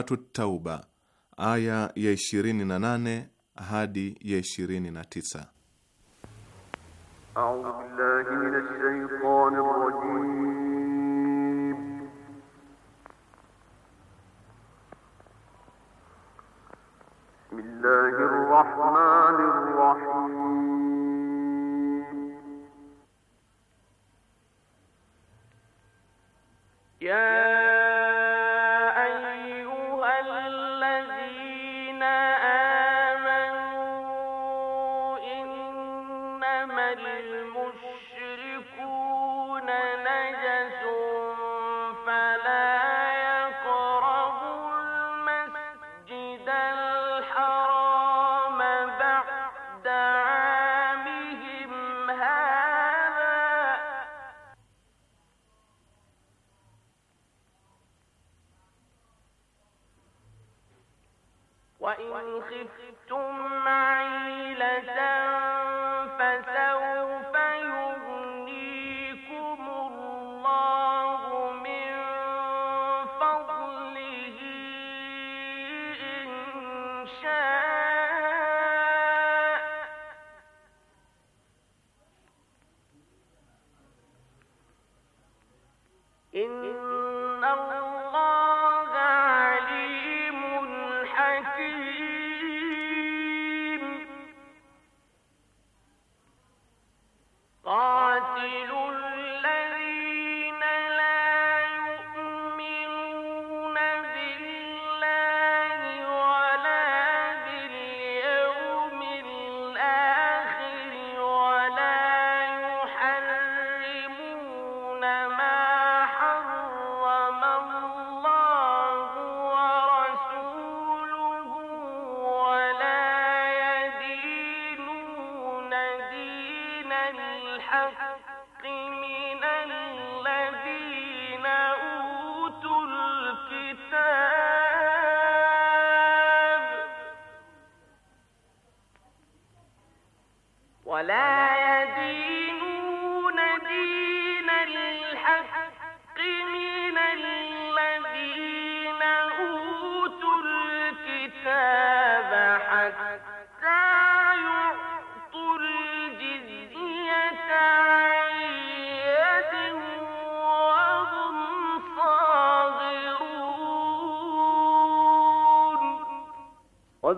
Suratu Tauba aya ya ishirini na nane hadi ya ishirini na tisa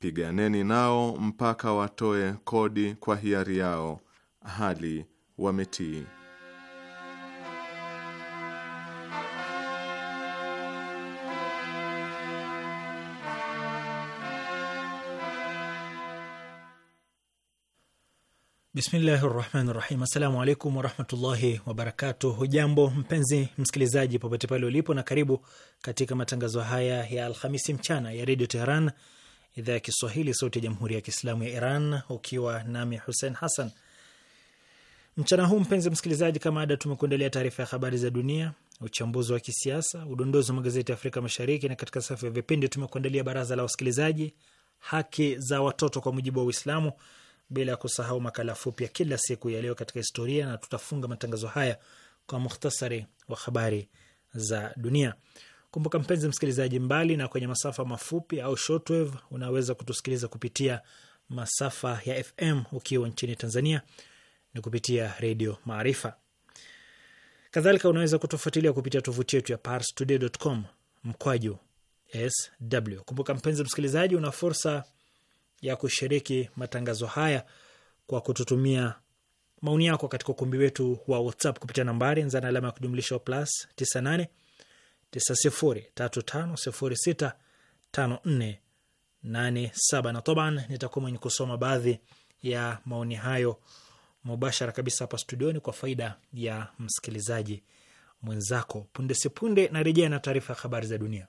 piganeni nao mpaka watoe kodi kwa hiari yao hali wametii. Bismillahi rahmani rahim. Assalamu alaikum warahmatullahi wabarakatuh. Hujambo mpenzi msikilizaji, popote pale ulipo, na karibu katika matangazo haya ya Alhamisi mchana ya redio Teheran, idhaa ya Kiswahili, sauti ya jamhuri ya kiislamu ya Iran, ukiwa nami Hussein Hassan. Mchana huu mpenzi msikilizaji, kama ada, tumekuendelea taarifa ya habari za dunia, uchambuzi wa kisiasa, udondozi wa magazeti ya Afrika Mashariki, na katika safu ya vipindi tumekuandalia baraza la wasikilizaji, haki za watoto kwa mujibu wa Uislamu, bila ya kusahau makala fupi ya kila siku ya leo katika historia, na tutafunga matangazo haya kwa muhtasari wa habari za dunia. Kumbuka mpenzi msikilizaji, mbali na kwenye masafa mafupi au shortwave, unaweza kutusikiliza kupitia masafa ya FM ukiwa nchini Tanzania ni kupitia Redio Maarifa. Kadhalika unaweza kutufuatilia kupitia tovuti yetu ya parstoday.com mkwaju sw. Kumbuka mpenzi msikilizaji, una fursa ya kushiriki matangazo haya kwa kututumia maoni yako katika ukumbi wetu wa WhatsApp kupitia nambari nzana alama ya kujumlisha plus 98 9035065487 na toban, nitakuwa mwenye kusoma baadhi ya maoni hayo mubashara kabisa hapa studioni kwa faida ya msikilizaji mwenzako. Punde sipunde narejea na taarifa ya habari za dunia.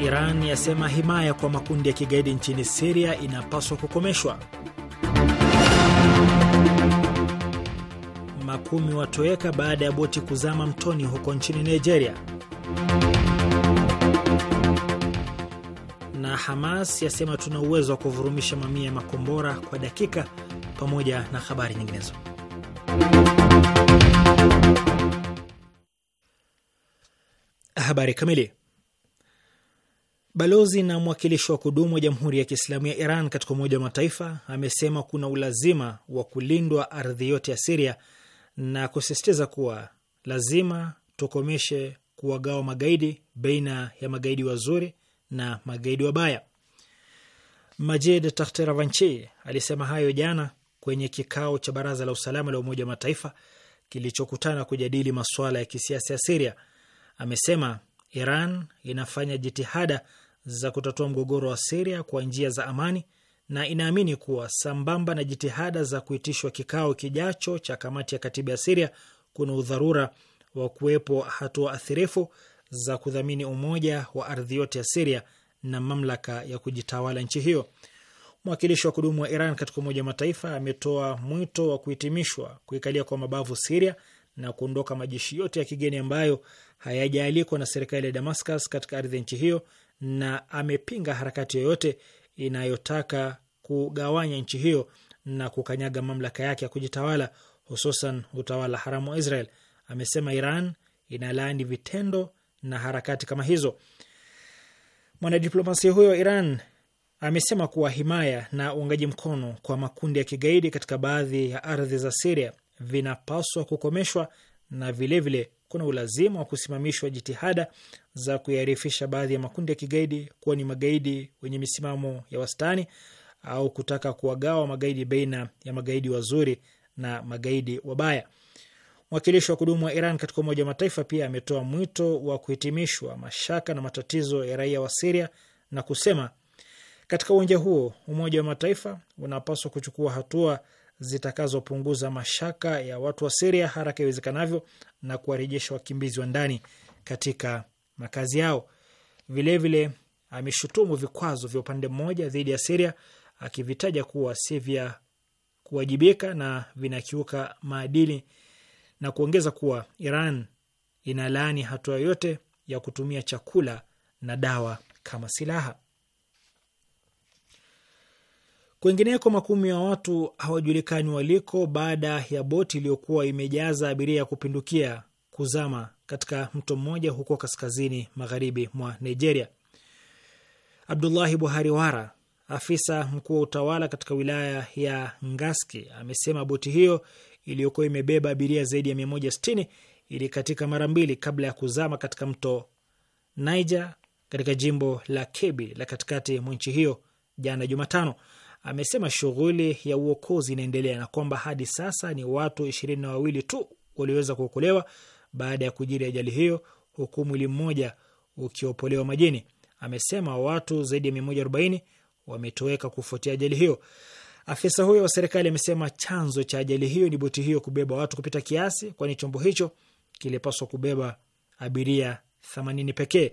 Iran yasema himaya kwa makundi ya kigaidi nchini Siria inapaswa kukomeshwa. Makumi watoweka baada ya boti kuzama mtoni huko nchini Nigeria. Na Hamas yasema tuna uwezo wa kuvurumisha mamia ya makombora kwa dakika, pamoja na habari nyinginezo. Habari kamili Balozi na mwakilishi wa kudumu wa Jamhuri ya Kiislamu ya Iran katika Umoja wa Mataifa amesema kuna ulazima wa kulindwa ardhi yote ya Siria na kusisitiza kuwa lazima tukomeshe kuwagawa magaidi baina ya magaidi wazuri na magaidi wabaya. Majid Tahteravanchi alisema hayo jana kwenye kikao cha Baraza la Usalama la Umoja wa Mataifa kilichokutana kujadili masuala ya kisiasa ya Siria. Amesema Iran inafanya jitihada za kutatua mgogoro wa Siria kwa njia za amani na inaamini kuwa sambamba na jitihada za kuitishwa kikao kijacho cha kamati ya katiba ya Siria kuna udharura wa kuwepo hatua athirifu za kudhamini umoja wa ardhi yote ya Siria na mamlaka ya kujitawala nchi hiyo. Mwakilishi wa kudumu wa Iran katika Umoja wa Mataifa ametoa mwito wa kuhitimishwa kuikalia kwa mabavu Siria na kuondoka majeshi yote ya kigeni ambayo hayajaalikwa na serikali ya Damascus katika ardhi ya nchi hiyo na amepinga harakati yoyote inayotaka kugawanya nchi hiyo na kukanyaga mamlaka yake ya kujitawala hususan utawala haramu wa Israel. Amesema Iran inalaani vitendo na harakati kama hizo. Mwanadiplomasia huyo wa Iran amesema kuwa himaya na uungaji mkono kwa makundi ya kigaidi katika baadhi ya ardhi za Siria vinapaswa kukomeshwa na vilevile kuna ulazima wa kusimamishwa jitihada za kuyarifisha baadhi ya makundi ya kigaidi kuwa ni magaidi wenye misimamo ya wastani au kutaka kuwagawa magaidi baina ya magaidi wazuri na magaidi wabaya. Mwakilishi wa kudumu wa Iran katika Umoja wa Mataifa pia ametoa mwito wa kuhitimishwa mashaka na matatizo ya raia wa Siria na kusema katika uwanja huo Umoja wa Mataifa unapaswa kuchukua hatua zitakazopunguza mashaka ya watu wa Siria haraka iwezekanavyo na kuwarejesha wakimbizi wa ndani katika makazi yao. Vilevile ameshutumu vikwazo vya upande mmoja dhidi ya Siria akivitaja kuwa si vya kuwajibika na vinakiuka maadili na kuongeza kuwa Iran inalaani hatua yoyote ya kutumia chakula na dawa kama silaha. Kwengineko, makumi ya watu hawajulikani waliko baada ya boti iliyokuwa imejaza abiria ya kupindukia kuzama katika mto mmoja huko kaskazini magharibi mwa Nigeria. Abdullahi Buhari Wara, afisa mkuu wa utawala katika wilaya ya Ngaski, amesema boti hiyo iliyokuwa imebeba abiria zaidi ya 160 ilikatika mara mbili kabla ya kuzama katika mto Niger katika jimbo la Kebbi la katikati mwa nchi hiyo jana Jumatano amesema shughuli ya uokozi inaendelea na kwamba hadi sasa ni watu ishirini na wawili tu walioweza kuokolewa baada ya kujiri ajali hiyo, huku mwili mmoja ukiopolewa majini. Amesema watu zaidi ya arobaini wametoweka kufuatia ajali hiyo. Afisa huyo wa serikali amesema chanzo cha ajali hiyo ni boti hiyo kubeba watu kupita kiasi, kwani chombo hicho kilipaswa kubeba abiria 80 pekee.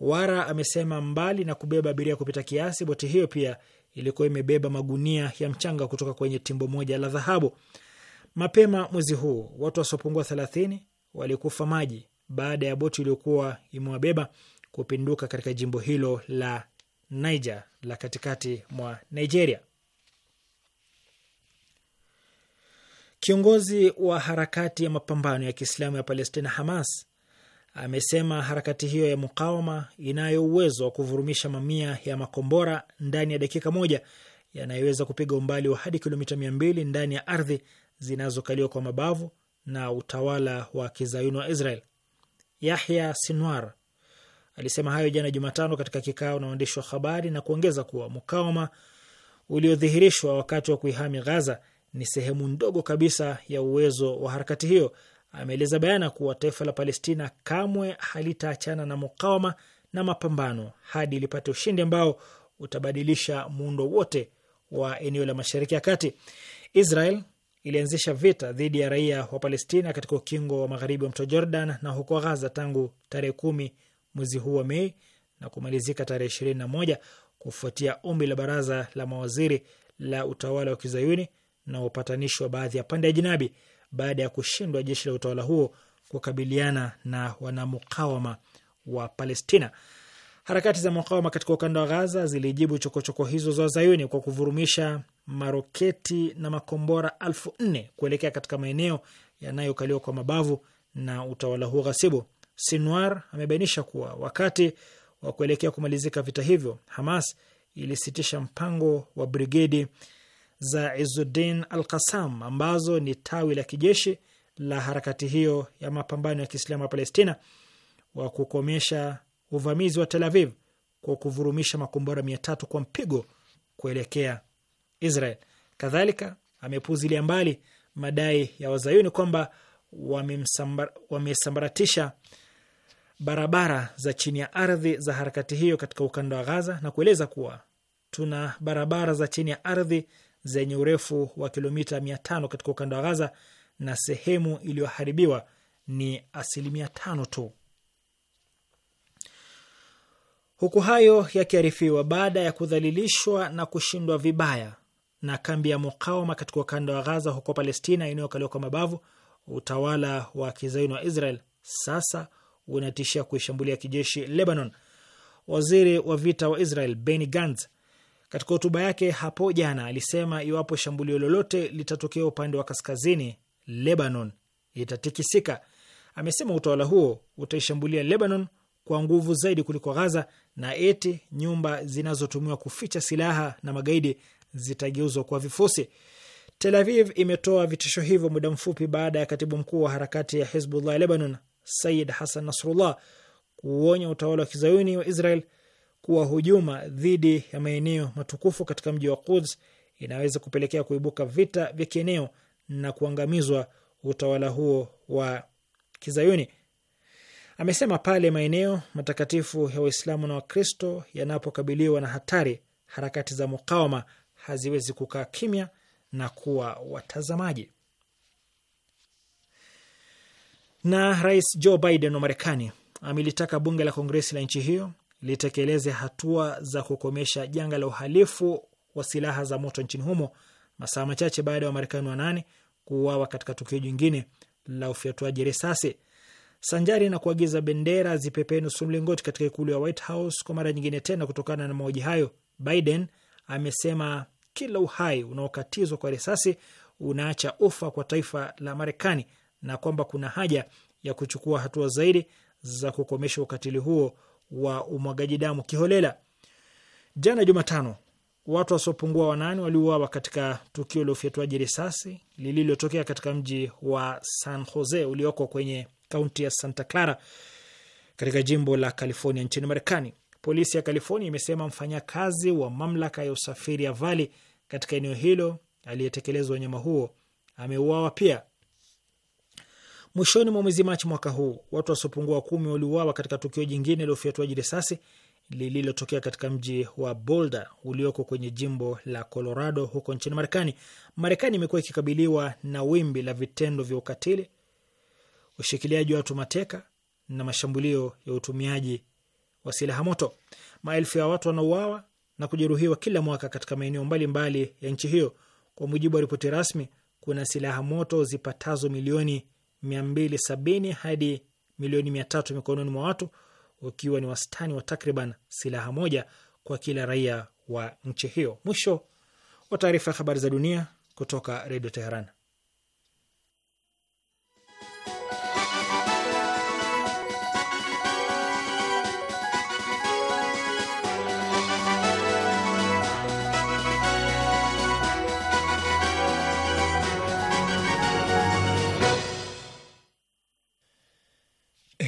Wara amesema mbali na kubeba abiria kupita kiasi, boti hiyo pia ilikuwa imebeba magunia ya mchanga kutoka kwenye timbo moja la dhahabu. Mapema mwezi huu watu wasiopungua thelathini walikufa maji baada ya boti iliyokuwa imewabeba kupinduka katika jimbo hilo la Niger la katikati mwa Nigeria. Kiongozi wa harakati ya mapambano ya Kiislamu ya Palestina Hamas amesema harakati hiyo ya mukawama inayo uwezo wa kuvurumisha mamia ya makombora ndani ya dakika moja yanayoweza kupiga umbali wa hadi kilomita mia mbili ndani ya ardhi zinazokaliwa kwa mabavu na utawala wa kizayuni wa Israel. Yahya Sinwar alisema hayo jana Jumatano katika kikao na waandishi wa habari na kuongeza kuwa mukawama uliodhihirishwa wakati wa kuihami Ghaza ni sehemu ndogo kabisa ya uwezo wa harakati hiyo ameeleza bayana kuwa taifa la Palestina kamwe halitaachana na mukawama na mapambano hadi lipate ushindi ambao utabadilisha muundo wote wa eneo la Mashariki ya Kati. Israel ilianzisha vita dhidi ya raia wa Palestina katika ukingo wa magharibi wa mto Jordan na huko Ghaza tangu tarehe kumi mwezi huu wa Mei na kumalizika tarehe ishirini na moja kufuatia ombi la baraza la mawaziri la utawala wa kizayuni na upatanishi wa baadhi ya pande ya jinabi baada ya kushindwa jeshi la utawala huo kukabiliana na wanamukawama wa Palestina. Harakati za mukawama katika ukanda wa Gaza zilijibu chokochoko -choko hizo za Zayuni kwa kuvurumisha maroketi na makombora elfu nne kuelekea katika maeneo yanayokaliwa kwa mabavu na utawala huo ghasibu. Sinwar amebainisha kuwa wakati wa kuelekea kumalizika vita hivyo, Hamas ilisitisha mpango wa brigedi za Izuddin al Qassam ambazo ni tawi la kijeshi la harakati hiyo ya mapambano ya Kiislamu ya Palestina wa kukomesha uvamizi wa Tel Aviv kwa kuvurumisha makombora mia tatu kwa mpigo kuelekea Israel. Kadhalika amepuzilia mbali madai ya wazayuni kwamba wamesambaratisha barabara za chini ya ardhi za harakati hiyo katika ukanda wa Gaza na kueleza kuwa tuna barabara za chini ya ardhi zenye urefu wa kilomita 500 katika ukanda wa Gaza na sehemu iliyoharibiwa ni asilimia tano tu. Huku hayo yakiarifiwa, baada ya kudhalilishwa na kushindwa vibaya na kambi ya mukawama katika ukanda wa Gaza huko Palestina inayokaliwa kwa mabavu, utawala wa kizayuni wa Israel sasa unatishia kuishambulia kijeshi Lebanon. Waziri wa vita wa Israel Benny Gantz katika hotuba yake hapo jana alisema iwapo shambulio lolote litatokea upande wa kaskazini, Lebanon itatikisika. Amesema utawala huo utaishambulia Lebanon kwa nguvu zaidi kuliko Ghaza, na eti nyumba zinazotumiwa kuficha silaha na magaidi zitageuzwa kwa vifusi. Tel Aviv imetoa vitisho hivyo muda mfupi baada ya katibu mkuu wa harakati ya Hizbullah Lebanon Sayid Hasan Nasrullah kuuonya utawala wa kizayuni wa Israel kuwa hujuma dhidi ya maeneo matukufu katika mji wa Quds inaweza kupelekea kuibuka vita vya kieneo na kuangamizwa utawala huo wa Kizayuni. Amesema pale maeneo matakatifu ya Waislamu na Wakristo yanapokabiliwa na hatari, harakati za mukawama haziwezi kukaa kimya na kuwa watazamaji. Na Rais Joe Biden wa Marekani amelitaka bunge la Kongresi la nchi hiyo litekeleze hatua za kukomesha janga la uhalifu wa silaha za moto nchini humo masaa machache baada ya Wamarekani wanane kuuawa katika tukio jingine la ufyatuaji risasi sanjari na kuagiza bendera zipepee nusu mlingoti katika ikulu ya White House kwa mara nyingine tena. Kutokana na mauaji hayo, Biden amesema kila uhai unaokatizwa kwa risasi unaacha ufa kwa taifa la Marekani na kwamba kuna haja ya kuchukua hatua zaidi za kukomesha ukatili huo wa umwagaji damu kiholela. Jana Jumatano, watu wasiopungua wanane waliuawa katika tukio la ufyatuaji risasi lililotokea katika mji wa San Jose ulioko kwenye kaunti ya Santa Clara katika jimbo la California nchini Marekani. Polisi ya California imesema mfanyakazi wa mamlaka ya usafiri ya Vali katika eneo hilo aliyetekeleza unyama huo ameuawa pia. Mwishoni mwa mwezi Machi mwaka huu watu wasiopungua kumi waliuawa katika tukio jingine la ufyatuaji risasi lililotokea katika mji wa Boulder ulioko kwenye jimbo la Colorado huko nchini Marekani. Marekani imekuwa ikikabiliwa na wimbi la vitendo vya ukatili, ushikiliaji wa watu mateka na mashambulio ya utumiaji wa silaha moto. Maelfu ya watu wanauawa na kujeruhiwa kila mwaka katika maeneo mbalimbali ya nchi hiyo. Kwa mujibu wa ripoti rasmi, kuna silaha moto zipatazo milioni 270 hadi milioni 300 mikononi mwa watu, ukiwa ni wastani wa takriban silaha moja kwa kila raia wa nchi hiyo. Mwisho wa taarifa ya habari za dunia kutoka Redio Teheran.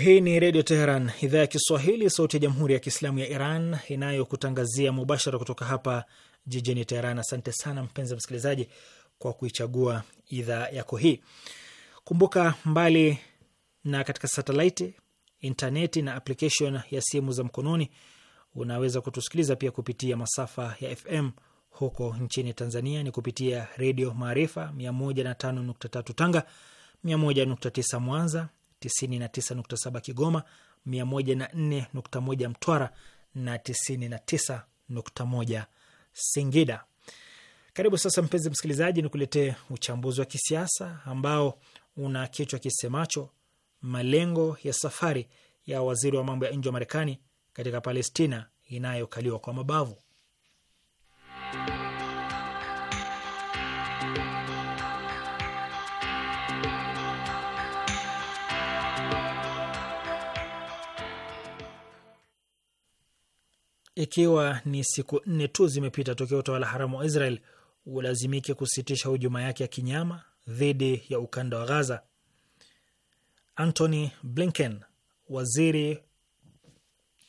Hii ni Redio Teheran, idhaa ya Kiswahili, sauti ya Jamhuri ya Kiislamu ya Iran, inayokutangazia mubashara kutoka hapa jijini Teheran. Asante sana mpenzi msikilizaji kwa kuichagua idhaa yako hii. Kumbuka, mbali na katika satelaiti, intaneti na application ya simu za mkononi, unaweza kutusikiliza pia kupitia masafa ya FM. Huko nchini Tanzania ni kupitia Redio Maarifa 105.3 Tanga, 101.9 Mwanza, 99.7 Kigoma, 104.1 Mtwara na 99.1 Singida. Karibu sasa, mpenzi msikilizaji, nikuletee uchambuzi wa kisiasa ambao una kichwa kisemacho malengo ya safari ya waziri wa mambo ya nje wa Marekani katika Palestina inayokaliwa kwa mabavu. ikiwa ni siku nne tu zimepita tokea utawala haramu wa Israel ulazimike kusitisha hujuma yake ya kinyama dhidi ya ukanda wa Gaza. Antony Blinken, waziri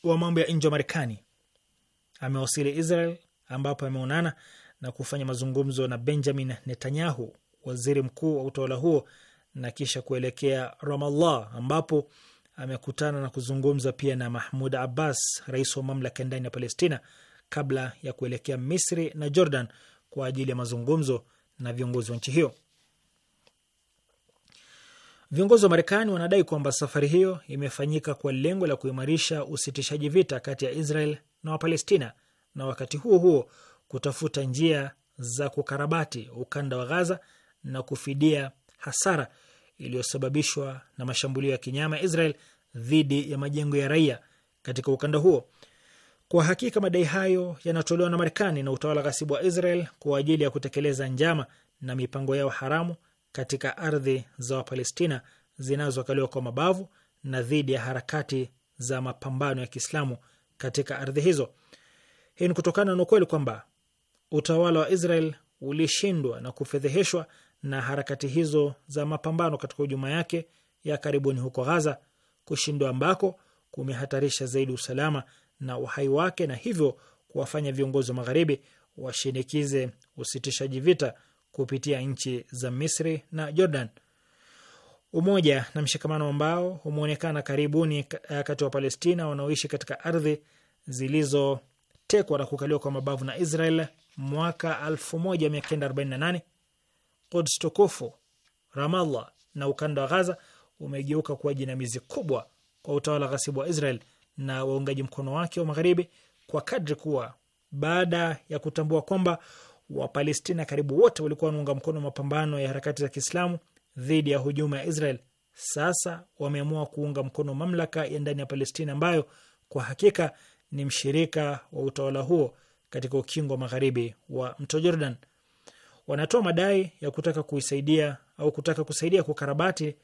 wa mambo ya nje wa Marekani, amewasili Israel ambapo ameonana na kufanya mazungumzo na Benjamin Netanyahu, waziri mkuu wa utawala huo, na kisha kuelekea Ramallah ambapo amekutana na kuzungumza pia na Mahmud Abbas, rais wa mamlaka ndani ya Palestina, kabla ya kuelekea Misri na Jordan kwa ajili ya mazungumzo na viongozi wa nchi hiyo. Viongozi wa Marekani wanadai kwamba safari hiyo imefanyika kwa lengo la kuimarisha usitishaji vita kati ya Israel na Wapalestina na wakati huo huo kutafuta njia za kukarabati ukanda wa Gaza na kufidia hasara iliyosababishwa na mashambulio ya kinyama Israel dhidi ya majengo ya raia katika ukanda huo. Kwa hakika madai hayo yanatolewa na Marekani na utawala ghasibu wa Israel kwa ajili ya kutekeleza njama na mipango yao haramu katika ardhi za Wapalestina zinazokaliwa kwa mabavu na dhidi ya harakati za mapambano ya Kiislamu katika ardhi hizo. Hii ni kutokana na ukweli kwamba utawala wa Israel ulishindwa na kufedheheshwa na harakati hizo za mapambano katika hujuma yake ya karibuni huko Ghaza, kushindwa ambako kumehatarisha zaidi usalama na uhai wake na hivyo kuwafanya viongozi wa Magharibi washinikize usitishaji vita kupitia nchi za Misri na Jordan. Umoja na mshikamano ambao umeonekana karibuni eh, kati wa Palestina wanaoishi katika ardhi zilizotekwa na kukaliwa kwa mabavu na Israel mwaka 1948 Quds tukufu, Ramallah na ukanda wa Ghaza umegeuka kuwa jinamizi kubwa kwa utawala ghasibu wa Israel na waungaji mkono wake wa magharibi kwa kadri kuwa baada ya kutambua kwamba Wapalestina karibu wote walikuwa wanaunga mkono mapambano ya harakati za Kiislamu dhidi ya hujuma ya Israel, sasa wameamua kuunga mkono mamlaka ya ndani ya Palestina ambayo kwa hakika ni mshirika wa utawala huo katika ukingo wa magharibi wa mto Jordan wanatoa madai ya kutaka kuisaidia au kutaka kusaidia kukarabati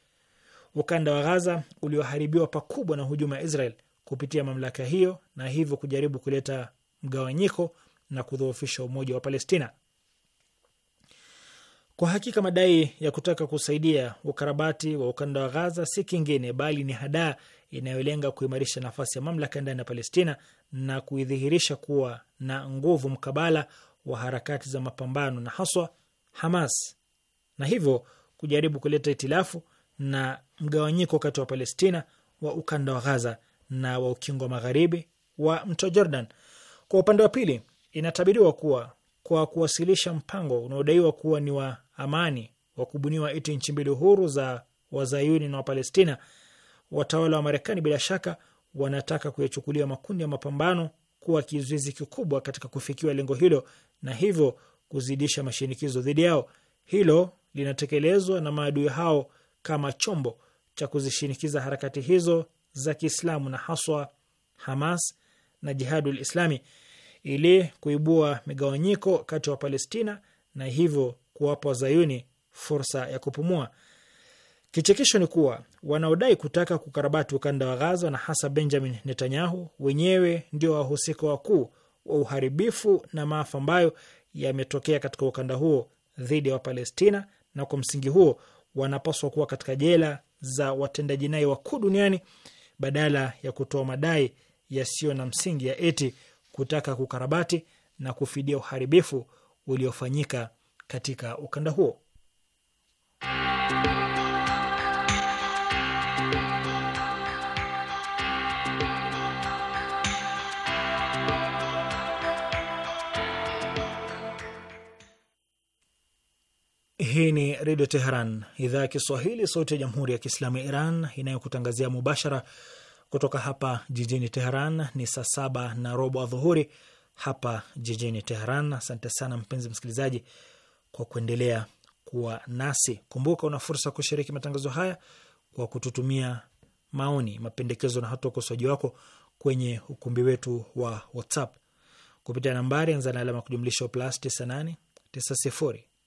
ukanda wa Ghaza ulioharibiwa pakubwa na hujuma ya Israel kupitia mamlaka hiyo na hivyo kujaribu kuleta mgawanyiko na kudhoofisha umoja wa Palestina. Kwa hakika madai ya kutaka kusaidia ukarabati wa ukanda wa Ghaza si kingine bali ni hadaa inayolenga kuimarisha nafasi ya mamlaka ndani ya Palestina na kuidhihirisha kuwa na nguvu mkabala wa harakati za mapambano na haswa Hamas na hivyo kujaribu kuleta itilafu na mgawanyiko kati wa Palestina wa ukanda wa Ghaza na wa ukingo wa magharibi wa mto Jordan. Kwa upande wa pili, inatabiriwa kuwa kwa kuwasilisha mpango unaodaiwa kuwa ni wa amani wa kubuniwa eti nchi mbili huru za wazayuni na Wapalestina, watawala wa Marekani bila shaka wanataka kuyachukulia makundi ya mapambano kuwa kizuizi kikubwa katika kufikiwa lengo hilo na hivyo kuzidisha mashinikizo dhidi yao. Hilo linatekelezwa na maadui hao kama chombo cha kuzishinikiza harakati hizo za Kiislamu na haswa Hamas na Jihadul Islami ili kuibua migawanyiko kati ya Wapalestina na hivyo kuwapa Wazayuni fursa ya kupumua. Kichekesho ni kuwa wanaodai kutaka kukarabati ukanda wa Gaza na hasa Benjamin Netanyahu wenyewe ndio wahusika wakuu wa uharibifu na maafa ambayo yametokea katika ukanda huo dhidi ya Wapalestina, na kwa msingi huo wanapaswa kuwa katika jela za watendaji jinai wakuu duniani badala ya kutoa madai yasiyo na msingi ya eti kutaka kukarabati na kufidia uharibifu uliofanyika katika ukanda huo. Hii ni Redio Teheran, idhaa ya Kiswahili, sauti ya Jamhuri ya Kiislamu ya Iran, inayokutangazia mubashara kutoka hapa jijini Teheran. Ni saa saba na robo adhuhuri hapa jijini Teheran. Asante sana mpenzi msikilizaji kwa kuendelea kuwa nasi. Kumbuka una fursa kushiriki matangazo haya kwa kututumia maoni, mapendekezo na hata ukosoaji wako kwenye ukumbi wetu wa WhatsApp kupitia nambari anza na alama kujumlisha plus 98 90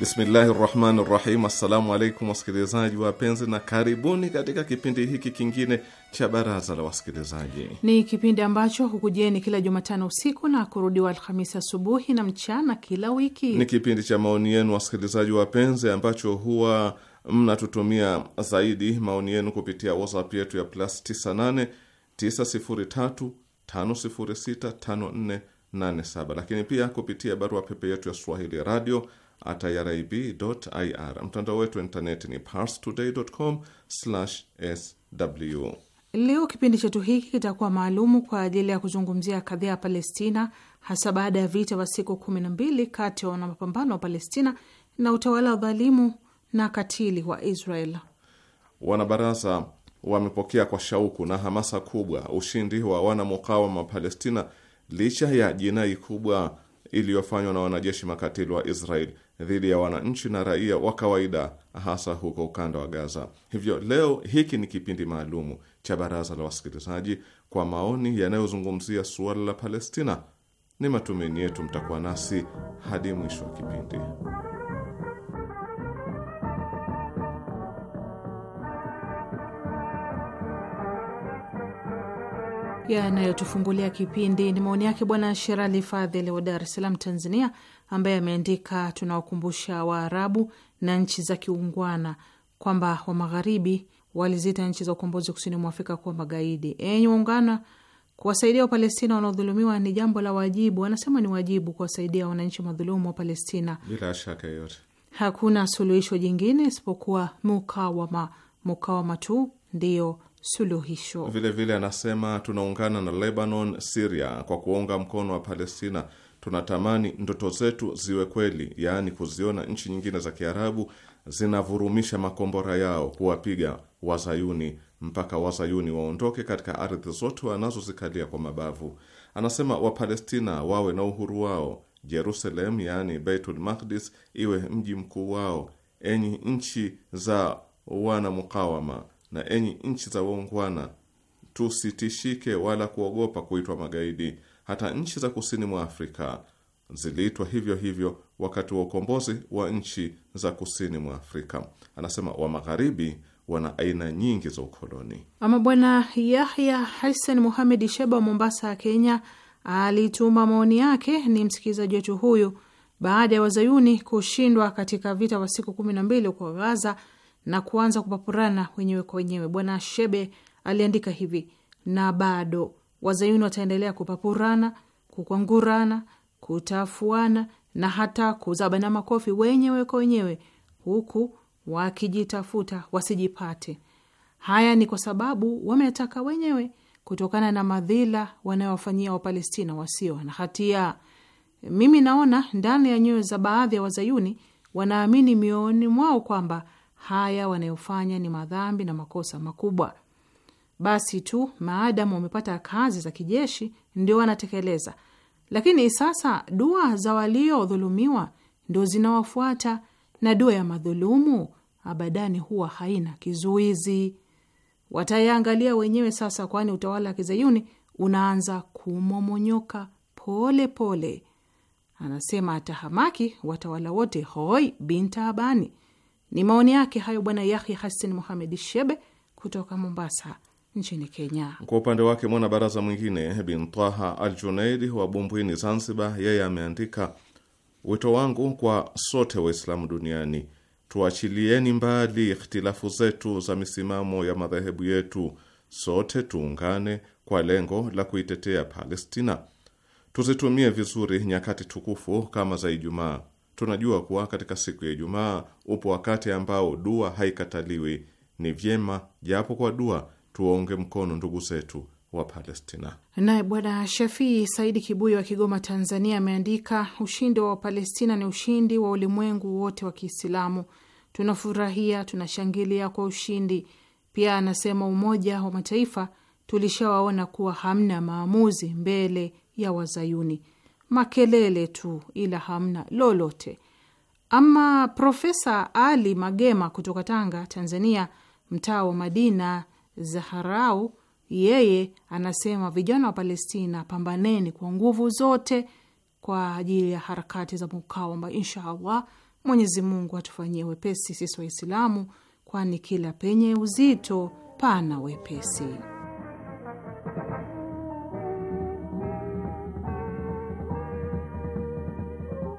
Bismillahi rahmani rahim. Assalamu alaikum wasikilizaji wapenzi, na karibuni katika kipindi hiki kingine cha baraza la wasikilizaji. Ni kipindi ambacho hukujeni kila Jumatano usiku na kurudiwa Alhamisi asubuhi na mchana kila wiki. Ni kipindi cha maoni yenu wasikilizaji wapenzi, ambacho huwa mnatutumia zaidi maoni yenu kupitia WhatsApp yetu ya plus 98 903 506 5487, lakini pia kupitia barua pepe yetu ya Swahili radio irib.ir. Mtandao wetu wa intaneti ni parstoday.com/sw. Leo kipindi chetu hiki kitakuwa maalumu kwa ajili ya kuzungumzia kadhia ya Palestina, hasa baada ya vita vya siku kumi na mbili kati ya wanamapambano wa Palestina na utawala wa dhalimu na katili wa Israel. Wanabaraza wamepokea kwa shauku na hamasa kubwa ushindi wa wanamukawama wa Palestina licha ya jinai kubwa iliyofanywa na wanajeshi makatili wa Israel dhidi ya wananchi na raia wa kawaida, hasa huko ukanda wa Gaza. Hivyo leo hiki ni kipindi maalumu cha Baraza la Wasikilizaji kwa maoni yanayozungumzia suala la Palestina. Ni matumaini yetu mtakuwa nasi hadi mwisho wa kipindi. yanayotufungulia kipindi. Ni maoni yake Bwana Sherali Fadhili wa Dar es Salaam, Tanzania, ambaye ameandika, tunawakumbusha Waarabu na nchi za kiungwana kwamba wa magharibi walizita nchi za ukombozi kusini mwa Afrika kuwa magaidi. Enyi waungana, kuwasaidia Wapalestina wanaodhulumiwa ni jambo la wajibu. Anasema ni wajibu kuwasaidia wananchi madhulumu wa Palestina. Bila shaka yote, hakuna suluhisho jingine isipokuwa mukawama. Mukawama tu ndiyo suluhisho. Vilevile vile anasema tunaungana na Lebanon, Siria kwa kuunga mkono wa Palestina. Tunatamani ndoto zetu ziwe kweli, yaani kuziona nchi nyingine za Kiarabu zinavurumisha makombora yao kuwapiga wazayuni mpaka wazayuni waondoke katika ardhi zote wanazozikalia kwa mabavu. Anasema Wapalestina wawe na uhuru wao, Jerusalem yaani Baitul Maqdis iwe mji mkuu wao. Enyi nchi za wana mukawama na enyi nchi za waungwana, tusitishike wala kuogopa kuitwa magaidi. Hata nchi za kusini mwa Afrika ziliitwa hivyo hivyo wakati wa ukombozi wa nchi za kusini mwa Afrika. Anasema wa magharibi wana aina nyingi za ukoloni. Ama Bwana Yahya hasen Muhamedi Sheba wa Mombasa, Kenya, alituma maoni yake. Ni msikilizaji wetu huyu. Baada ya wazayuni kushindwa katika vita vya siku kumi na mbili huko Gaza, na kuanza kupapurana wenyewe kwa wenyewe. Bwana Shebe aliandika hivi: na bado wazayuni wataendelea kupapurana, kukwangurana, kutafuana na hata kuzabana makofi wenyewe kwa wenyewe, huku wakijitafuta wasijipate. Haya ni kwa sababu wametaka wenyewe, kutokana na madhila wanayowafanyia Wapalestina wasio na hatia. Mimi naona ndani ya nyoyo za baadhi ya wazayuni wanaamini mioyoni mwao kwamba haya wanayofanya ni madhambi na makosa makubwa. Basi tu maadamu wamepata kazi za kijeshi ndio wanatekeleza, lakini sasa dua za waliodhulumiwa ndio zinawafuata, na dua ya madhulumu abadani huwa haina kizuizi. Watayaangalia wenyewe sasa, kwani utawala wa kizayuni unaanza kumomonyoka pole pole. Anasema atahamaki watawala wote hoi binta abani ni maoni yake hayo Bwana Yahya Hassan muhamed Shebe kutoka Mombasa nchini Kenya. Kwa upande wake mwanabaraza mwingine Bin Taha Al Junaid wa Bumbwini, Zanzibar, yeye ameandika wito wangu kwa sote Waislamu duniani, tuachilieni mbali ikhtilafu zetu za misimamo ya madhehebu yetu, sote tuungane kwa lengo la kuitetea Palestina. Tuzitumie vizuri nyakati tukufu kama za Ijumaa tunajua kuwa katika siku ya Ijumaa upo wakati ambao dua haikataliwi. Ni vyema japo kwa dua tuwaunge mkono ndugu zetu wa Palestina. Naye Bwana Shafii Saidi Kibuyi wa Kigoma, Tanzania, ameandika ushindi wa Wapalestina ni ushindi wa ulimwengu wote wa Kiislamu. Tunafurahia, tunashangilia kwa ushindi. Pia anasema Umoja wa Mataifa tulishawaona kuwa hamna maamuzi mbele ya Wazayuni makelele tu, ila hamna lolote. Ama Profesa Ali Magema kutoka Tanga, Tanzania, mtaa wa Madina Zaharau, yeye anasema vijana wa Palestina, pambaneni kwa nguvu zote kwa ajili ya harakati za mukawama. Insha allah Mwenyezi Mungu atufanyie wepesi sisi Waislamu, kwani kila penye uzito pana wepesi.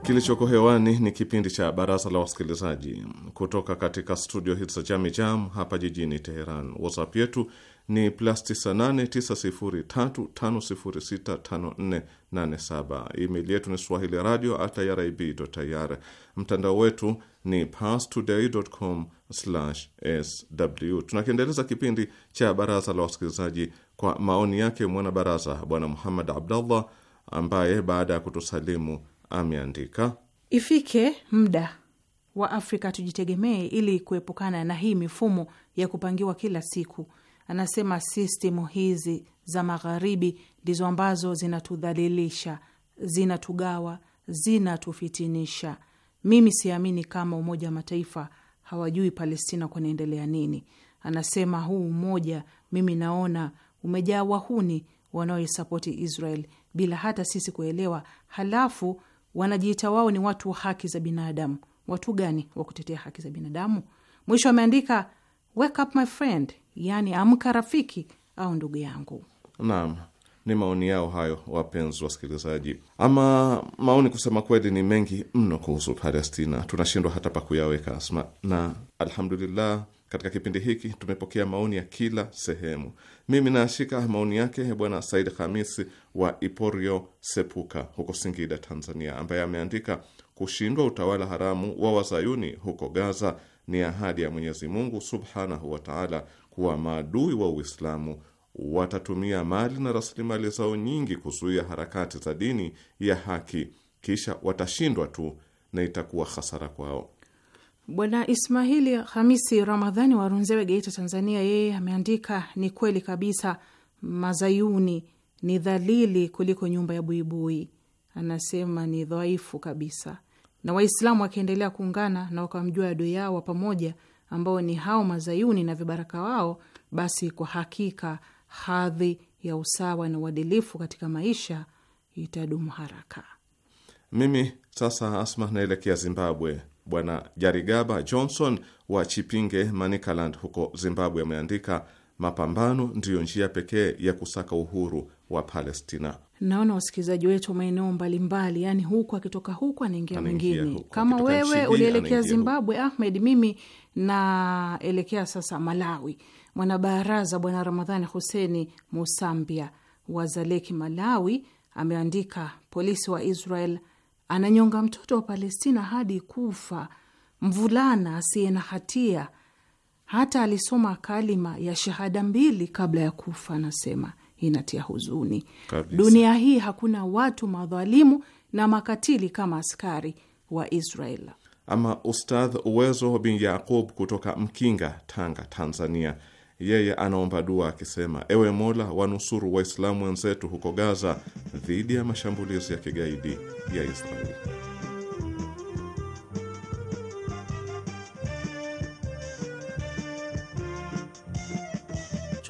Kilichoko hewani ni kipindi cha baraza la wasikilizaji kutoka katika studio hizi za Jam Jam hapa jijini Teheran. WhatsApp yetu ni plus 989035065487. Email yetu ni swahili radio at irib Mtandao wetu ni parstoday.com sw. Tunakiendeleza kipindi cha baraza la wasikilizaji kwa maoni yake mwana baraza Bwana Muhammad Abdallah ambaye baada ya kutusalimu ameandika ifike muda wa Afrika tujitegemee ili kuepukana na hii mifumo ya kupangiwa kila siku. Anasema sistimu hizi za magharibi ndizo ambazo zinatudhalilisha, zinatugawa, zinatufitinisha. Mimi siamini kama Umoja wa Mataifa hawajui Palestina kunaendelea nini. Anasema huu umoja, mimi naona umejaa wahuni wanaoisapoti Israel bila hata sisi kuelewa, halafu wanajiita wao ni watu wa haki za binadamu. Watu gani wa kutetea haki za binadamu? Mwisho ameandika wake up my friend, yani amka rafiki au ndugu yangu. Naam, ni maoni yao hayo, wapenzi wasikilizaji. Ama maoni kusema kweli ni mengi mno kuhusu Palestina, tunashindwa hata pa kuyaweka Asma, na alhamdulillah katika kipindi hiki tumepokea maoni ya kila sehemu. Mimi naashika maoni yake Bwana Said Hamisi wa Iporio Sepuka huko Singida, Tanzania, ambaye ameandika kushindwa utawala haramu wa wazayuni huko Gaza ni ahadi ya Mwenyezi Mungu subhanahu wa taala kuwa maadui wa Uislamu watatumia mali na rasilimali zao nyingi kuzuia harakati za dini ya haki, kisha watashindwa tu na itakuwa hasara kwao. Bwana Ismaili Hamisi Ramadhani wa Runzewe, Geita, Tanzania, yeye ameandika ni kweli kabisa, mazayuni ni dhalili kuliko nyumba ya buibui. Anasema ni dhaifu kabisa, na Waislamu wakiendelea kuungana na wakamjua adui yao wa pamoja ambao ni hao mazayuni na vibaraka wao, basi kwa hakika hadhi ya usawa na uadilifu katika maisha itadumu haraka. Mimi sasa, Asma, naelekea Zimbabwe Bwana Jarigaba Johnson wa Chipinge, Manicaland, huko Zimbabwe ameandika mapambano ndiyo njia pekee ya kusaka uhuru wa Palestina. Naona wasikilizaji wetu maeneo mbalimbali, yaani huku akitoka huku anaingia mwingine. Kama wewe ulielekea Zimbabwe, Ahmed, mimi naelekea sasa Malawi. Mwanabaraza Bwana Ramadhani Huseni Musambia wa Zaleki, Malawi ameandika polisi wa Israel ananyonga mtoto wa Palestina hadi kufa, mvulana asiye na hatia. Hata alisoma kalima ya shahada mbili kabla ya kufa. Anasema inatia huzuni kabisa. Dunia hii hakuna watu madhalimu na makatili kama askari wa Israel. Ama Ustadh Uwezo bin Yaqub kutoka Mkinga, Tanga, Tanzania yeye anaomba dua akisema: ewe Mola, wanusuru Waislamu wenzetu huko Gaza dhidi ya mashambulizi ya kigaidi ya Israeli.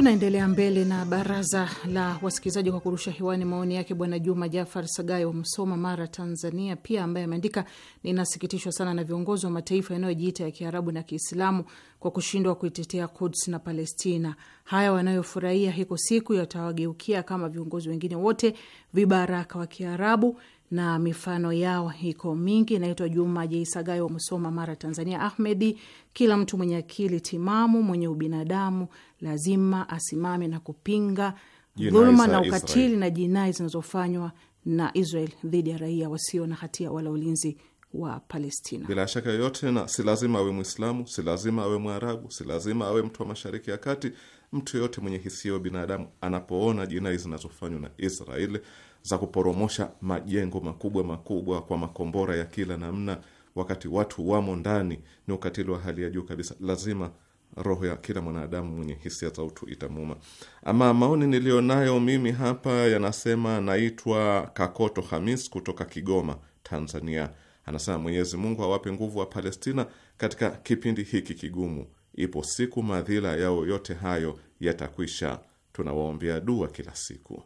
Tunaendelea mbele na baraza la wasikilizaji kwa kurusha hewani maoni yake Bwana Juma Jafar Sagai wa Msoma, Mara, Tanzania, pia ambaye ameandika ninasikitishwa sana na viongozi wa mataifa yanayojiita ya Kiarabu na Kiislamu kwa kushindwa kuitetea Kuds na Palestina. Haya wanayofurahia hiko siku yatawageukia kama viongozi wengine wote vibaraka wa Kiarabu na mifano yao iko mingi. Naitwa Juma Jeisagayo wa Musoma, Mara, Tanzania. Ahmedi, kila mtu mwenye akili timamu mwenye ubinadamu lazima asimame na kupinga dhuluma na ukatili Israel, na jinai zinazofanywa na Israel dhidi ya raia wasio na hatia wala ulinzi wa Palestina. Bila shaka yoyote, na si lazima awe Mwislamu, si lazima awe Mwarabu, si lazima awe mtu wa Mashariki ya Kati. Mtu yoyote mwenye hisia ya binadamu anapoona jinai zinazofanywa na Israel za kuporomosha majengo makubwa makubwa kwa makombora ya kila namna, wakati watu wamo ndani, ni ukatili wa hali ya juu kabisa. Lazima roho ya kila mwanadamu mwenye hisia za utu itamuma. Ama maoni niliyonayo mimi hapa yanasema, naitwa Kakoto Hamis kutoka Kigoma, Tanzania. Anasema Mwenyezi Mungu awape nguvu wa Palestina katika kipindi hiki kigumu. Ipo siku madhila yao yote hayo yatakwisha. Tunawaombea dua kila siku,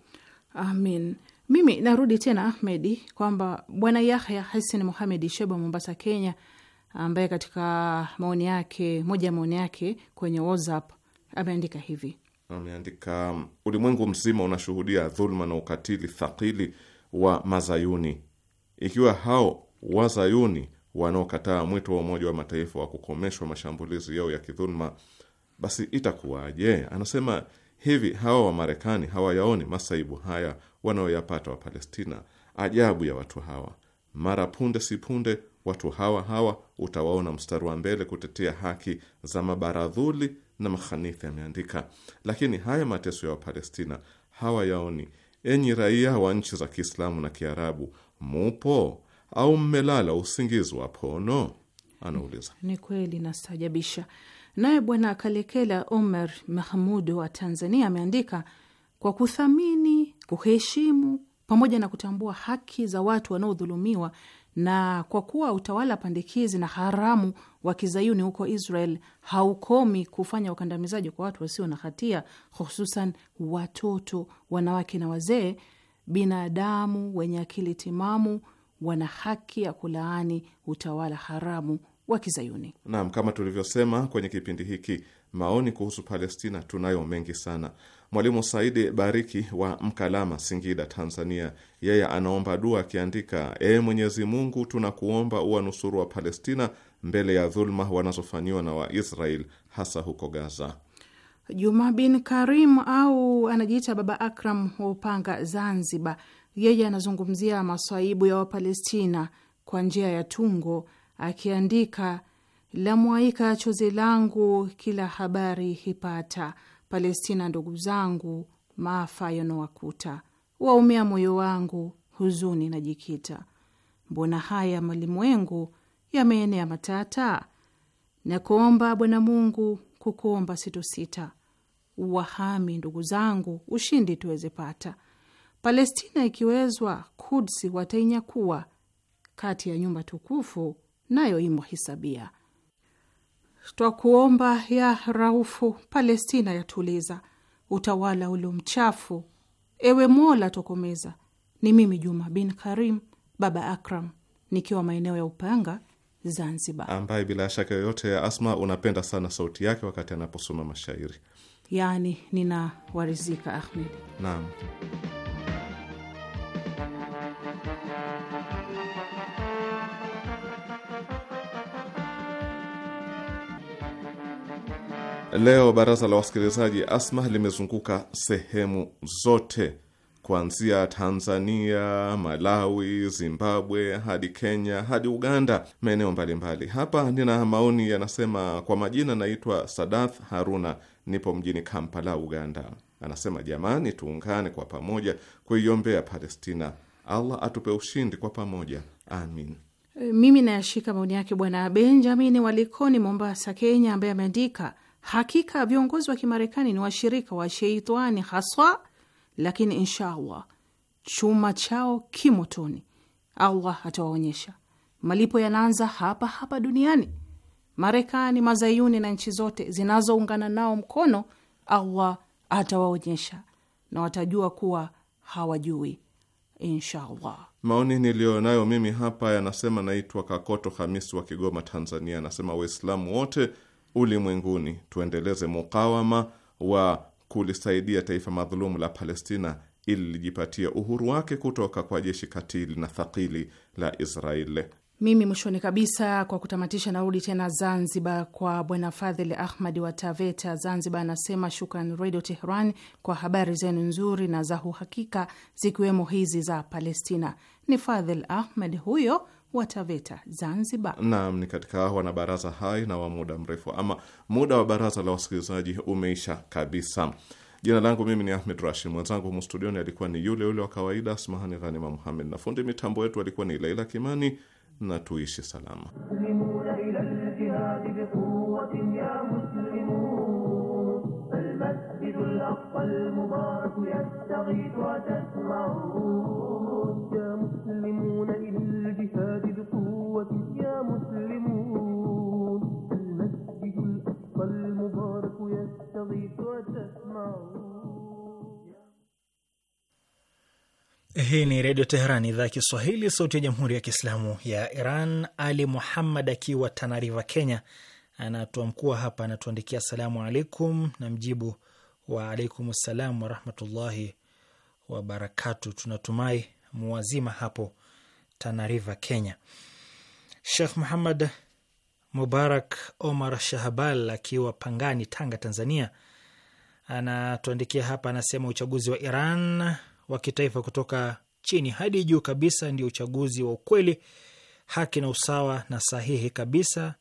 amin. Mimi narudi tena Ahmedi kwamba bwana Yahya Hasan Muhamedi Sheba Mombasa, Kenya, ambaye katika maoni yake, moja ya maoni yake kwenye WhatsApp ameandika hivi, ameandika ulimwengu mzima unashuhudia dhuluma na ukatili thakili wa Mazayuni. Ikiwa hao Wazayuni wanaokataa mwito wa Umoja wa Mataifa wa kukomeshwa mashambulizi yao ya kidhuluma, basi itakuwaje? Anasema Hivi hawa Wamarekani hawayaoni masaibu haya wanaoyapata Wapalestina? Ajabu ya watu hawa! Mara punde si punde watu hawa hawa utawaona mstari wa mbele kutetea haki za mabaradhuli na mahanithi, ameandika. Lakini haya mateso ya Wapalestina hawayaoni. Enyi raia wa nchi za Kiislamu na Kiarabu, mupo au mmelala usingizi wa pono? Anauliza. Ni kweli, nastajabisha. Naye Bwana Kalekela Omer mahmud wa Tanzania ameandika kwa kuthamini, kuheshimu pamoja na kutambua haki za watu wanaodhulumiwa na kwa kuwa utawala pandikizi na haramu wa kizayuni huko Israel haukomi kufanya ukandamizaji kwa watu wasio na hatia, hususan watoto, wanawake na wazee, binadamu wenye akili timamu wana haki ya kulaani utawala haramu wa Kizayuni. Naam, kama tulivyosema kwenye kipindi hiki, maoni kuhusu Palestina tunayo mengi sana. Mwalimu Saidi Bariki wa Mkalama, Singida, Tanzania, yeye anaomba dua akiandika: Ee Mwenyezi Mungu, tunakuomba uwanusuru wa Palestina mbele ya dhuluma wanazofanyiwa na Waisrael, hasa huko Gaza. Juma bin Karim au anajiita Baba Akram wa Upanga, Zanzibar, yeye anazungumzia maswaibu ya Wapalestina kwa njia ya tungo akiandika lamwaika chozi langu kila habari hipata, Palestina ndugu zangu, maafa yanowakuta, waumia moyo wangu, huzuni najikita. Mbona haya malimwengu yameenea matata, nakuomba Bwana Mungu, kukuomba sitosita, uwahami ndugu zangu, ushindi tuweze pata. Palestina ikiwezwa, Kudsi watainyakuwa kati ya nyumba tukufu nayo imo hisabia. Twakuomba ya Raufu, Palestina yatuliza, utawala ulio mchafu, ewe Mola tokomeza. Ni mimi Juma bin Karim, baba Akram, nikiwa maeneo ya Upanga, Zanzibar, ambaye bila shaka yoyote ya Asma unapenda sana sauti yake wakati anaposoma mashairi. Yaani ninawarizika Ahmed. Naam. Leo baraza la wasikilizaji Asma limezunguka sehemu zote kuanzia Tanzania, Malawi, Zimbabwe hadi Kenya hadi Uganda, maeneo mbalimbali. Hapa nina maoni yanasema, kwa majina naitwa Sadath Haruna, nipo mjini Kampala, Uganda. Anasema, jamani, tuungane kwa pamoja kuiombea Palestina. Allah atupe ushindi kwa pamoja, amin. Mimi nayashika maoni yake Bwana Benjamin Walikoni, Mombasa, Kenya, ambaye ameandika Hakika viongozi wa Kimarekani ni washirika wa sheitani haswa, lakini inshallah chuma chao kimotoni. Allah atawaonyesha. Malipo yanaanza hapa hapa duniani. Marekani, Mazayuni na nchi zote zinazoungana nao mkono, Allah atawaonyesha na watajua kuwa hawajui, inshallah. Maoni niliyo nayo mimi hapa yanasema, naitwa Kakoto hamis wa Kigoma, Tanzania. Anasema Waislamu wote ulimwenguni tuendeleze mukawama wa kulisaidia taifa madhulumu la Palestina ili lijipatie uhuru wake kutoka kwa jeshi katili na thakili la Israeli. Mimi mwishoni kabisa, kwa kutamatisha, narudi tena Zanzibar kwa Bwana Fadhili Ahmad wa Taveta, Zanzibar. Anasema shukran Redio Teheran kwa habari zenu nzuri na za uhakika, zikiwemo hizi za Palestina. Ni Fadhil Ahmed huyo wa TAVETA Zanzibar. Naam, ni katika wanabaraza hai na wa muda mrefu, ama muda wa baraza la wasikilizaji umeisha kabisa. Jina langu mimi ni Ahmed Rashid, mwenzangu humu studioni alikuwa ni yule yule wa kawaida Asmahani Ghanima Muhammed, na fundi mitambo yetu alikuwa ni Laila Kimani, na tuishi salama الحق المبارك يستغيث وتسمعون يا مسلمون إلى الجهاد بقوة يا مسلمون المسجد الأقصى المبارك يستغيث وتسمعون Hii ni Redio Teheran, idhaa ya Kiswahili, sauti ya Jamhuri ya Kiislamu ya Iran. Ali Muhammad akiwa Tanariva, Kenya, anatuamkua hapa, anatuandikia assalamu alaikum, na mjibu Waalaikum salam warahmatullahi wabarakatu. Tunatumai muwazima hapo Tanariva, Kenya. Shekh Muhammad Mubarak Omar shahbal akiwa Pangani, Tanga, Tanzania, anatuandikia hapa, anasema uchaguzi wa Iran wa kitaifa kutoka chini hadi juu kabisa ndio uchaguzi wa ukweli, haki na usawa na sahihi kabisa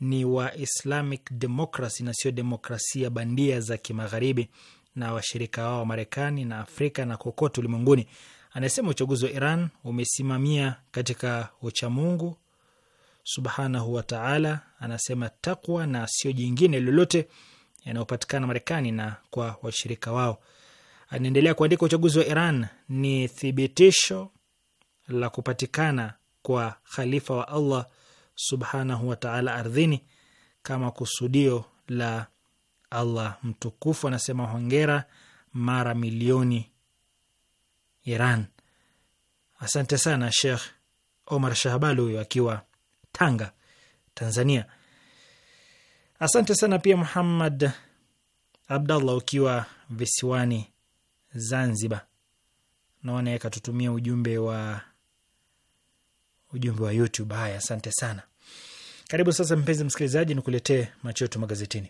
ni wa Islamic Democracy na sio demokrasia bandia za kimagharibi na washirika wao wa Marekani na Afrika na kokote ulimwenguni. Anasema uchaguzi wa Iran umesimamia katika uchamungu subhanahu wataala. Anasema takwa na sio jingine lolote yanayopatikana Marekani na kwa washirika wao. Anaendelea kuandika, uchaguzi wa Iran ni thibitisho la kupatikana kwa khalifa wa Allah subhanahu wataala ardhini kama kusudio la Allah mtukufu. Anasema hongera mara milioni Iran. Asante sana Shekh Omar Shahbali huyo akiwa Tanga, Tanzania. Asante sana pia Muhammad Abdallah ukiwa visiwani Zanzibar. Naona katutumia ujumbe wa ujumbe wa YouTube. Haya, asante sana. Karibu sasa, mpenzi msikilizaji, kuletee macho yetu magazetini.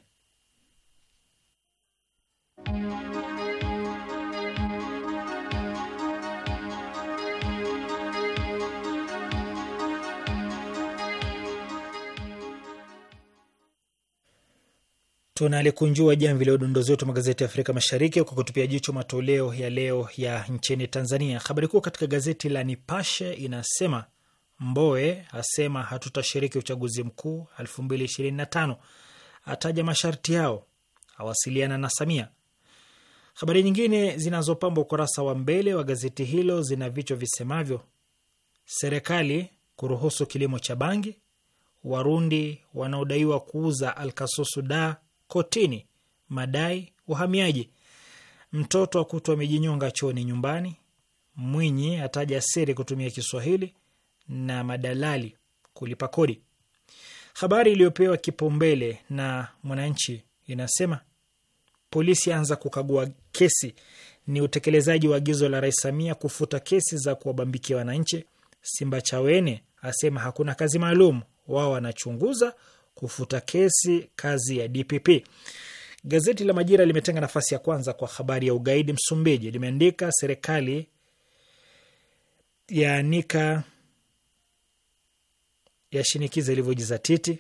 Tunalikunjua jamvi la udondozi wetu magazeti ya Afrika Mashariki kwa kutupia jicho matoleo ya leo ya nchini Tanzania. Habari kuu katika gazeti la Nipashe inasema Mboe asema hatutashiriki uchaguzi mkuu 2025, ataja masharti yao, awasiliana na Samia. Habari nyingine zinazopamba ukurasa wa mbele wa gazeti hilo zina vichwa visemavyo: serikali kuruhusu kilimo cha bangi, Warundi wanaodaiwa kuuza alkasusu da kotini, madai uhamiaji, mtoto akutwa amejinyonga chooni nyumbani, Mwinyi ataja siri kutumia Kiswahili, na madalali kulipa kodi. Habari iliyopewa kipaumbele na Mwananchi inasema polisi anza kukagua kesi, ni utekelezaji wa agizo la Rais Samia kufuta kesi za kuwabambikia wananchi. Simba Chawene asema hakuna kazi maalum, wao wanachunguza kufuta kesi, kazi ya DPP. Gazeti la Majira limetenga nafasi ya kwanza kwa habari ya ugaidi Msumbiji. Limeandika serikali yaanika ya shinikiza ilivyojizatiti.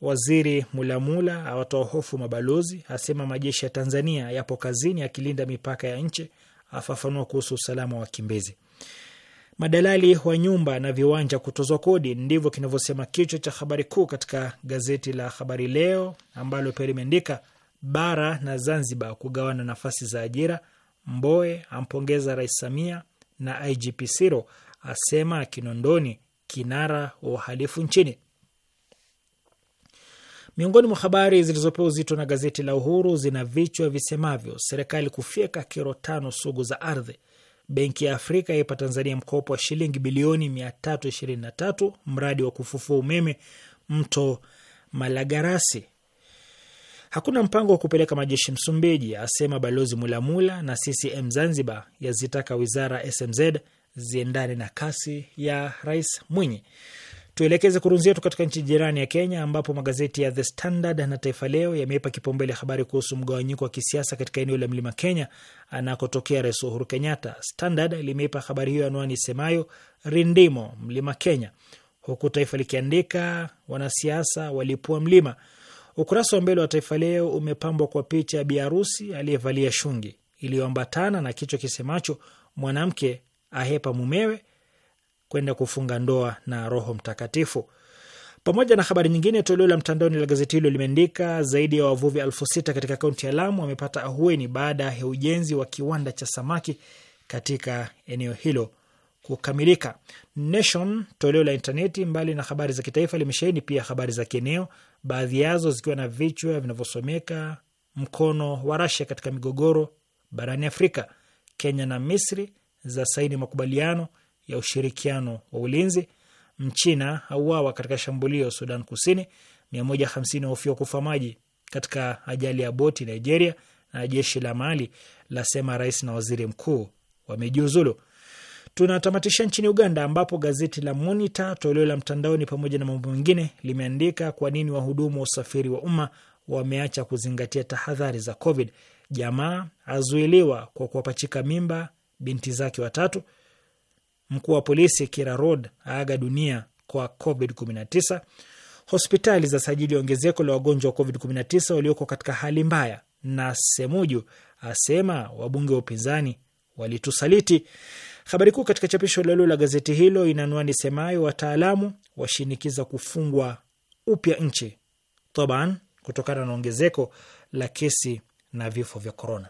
Waziri Mulamula awatoa hofu mabalozi, asema majeshi ya Tanzania yapo kazini akilinda ya mipaka ya nchi, afafanua kuhusu usalama wa wakimbizi. Madalali wa nyumba na viwanja kutozwa kodi, ndivyo kinavyosema kichwa cha habari kuu katika gazeti la Habari Leo ambalo pia limeandika bara na Zanzibar kugawana nafasi za ajira. Mboe ampongeza Rais Samia na IGP Siro asema Kinondoni kinara wa uhalifu nchini. Miongoni mwa habari zilizopewa uzito na gazeti la Uhuru zina vichwa visemavyo: serikali kufyeka kero tano sugu za ardhi, benki ya Afrika yaipa Tanzania mkopo wa shilingi bilioni 323, mradi wa kufufua umeme mto Malagarasi, hakuna mpango wa kupeleka majeshi Msumbiji, asema balozi Mulamula, na CCM Zanzibar yazitaka wizara SMZ ziendane na kasi ya Rais Mwinyi. Tuelekeze kurunzi yetu katika nchi jirani ya Kenya, ambapo magazeti ya The Standard na Taifa Leo yameipa kipaumbele habari kuhusu mgawanyiko wa kisiasa katika eneo la Mlima Kenya anakotokea Rais Uhuru Kenyatta. Standard limeipa habari hiyo anwani isemayo Rindimo Mlima Kenya, huku Taifa likiandika wanasiasa walipua mlima. Ukurasa wa mbele wa Taifa Leo umepambwa kwa picha ya biharusi aliyevalia shungi iliyoambatana na kichwa kisemacho mwanamke ahepa mumewe kwenda kufunga ndoa na Roho Mtakatifu. Pamoja na habari nyingine, toleo la mtandaoni la gazeti hilo limeandika zaidi ya wavuvi elfu sita katika kaunti ya Lamu wamepata ahueni baada ya ujenzi wa kiwanda cha samaki katika eneo hilo kukamilika. Nation toleo la intaneti, mbali na habari za kitaifa, limesheheni pia habari za kieneo, baadhi yazo zikiwa na vichwa vinavyosomeka mkono wa Rasia katika migogoro barani Afrika, Kenya na Misri za saini makubaliano ya ushirikiano wa ulinzi. Mchina auawa katika shambulio Sudan Kusini. 150 wahofiwa kufa maji katika ajali ya boti Nigeria. Na jeshi la Mali lasema rais na waziri mkuu wamejiuzulu. Tunatamatisha nchini Uganda, ambapo gazeti la Monita toleo la mtandaoni, pamoja na mambo mengine, limeandika kwa nini wahudumu wa usafiri wa umma wameacha kuzingatia tahadhari za Covid. Jamaa azuiliwa kwa kuwapachika mimba binti zake watatu. Mkuu wa polisi Kira Rod aaga dunia kwa COVID-19. Hospitali za sajili ongezeko la wagonjwa wa COVID-19 walioko katika hali mbaya, na Semuju asema wabunge wa upinzani walitusaliti. Habari kuu katika chapisho lalo la gazeti hilo ina anwani semayo wataalamu washinikiza kufungwa upya nchi toban kutokana na ongezeko la kesi na vifo vya korona.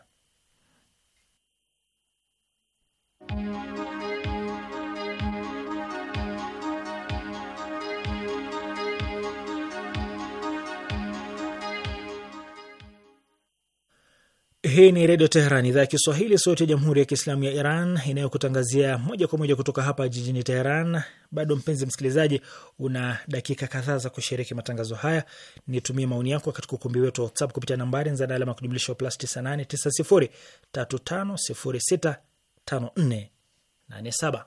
Hii ni Redio Teheran, idhaa ya Kiswahili, sauti ya Jamhuri ya Kiislamu ya Iran, inayokutangazia moja kwa moja kutoka hapa jijini Teheran. Bado mpenzi msikilizaji, una dakika kadhaa za kushiriki matangazo haya. Nitumie maoni yako katika ukumbi wetu wa WhatsApp kupitia nambari za alama ya kujumlisha plus 98 90350654 5487.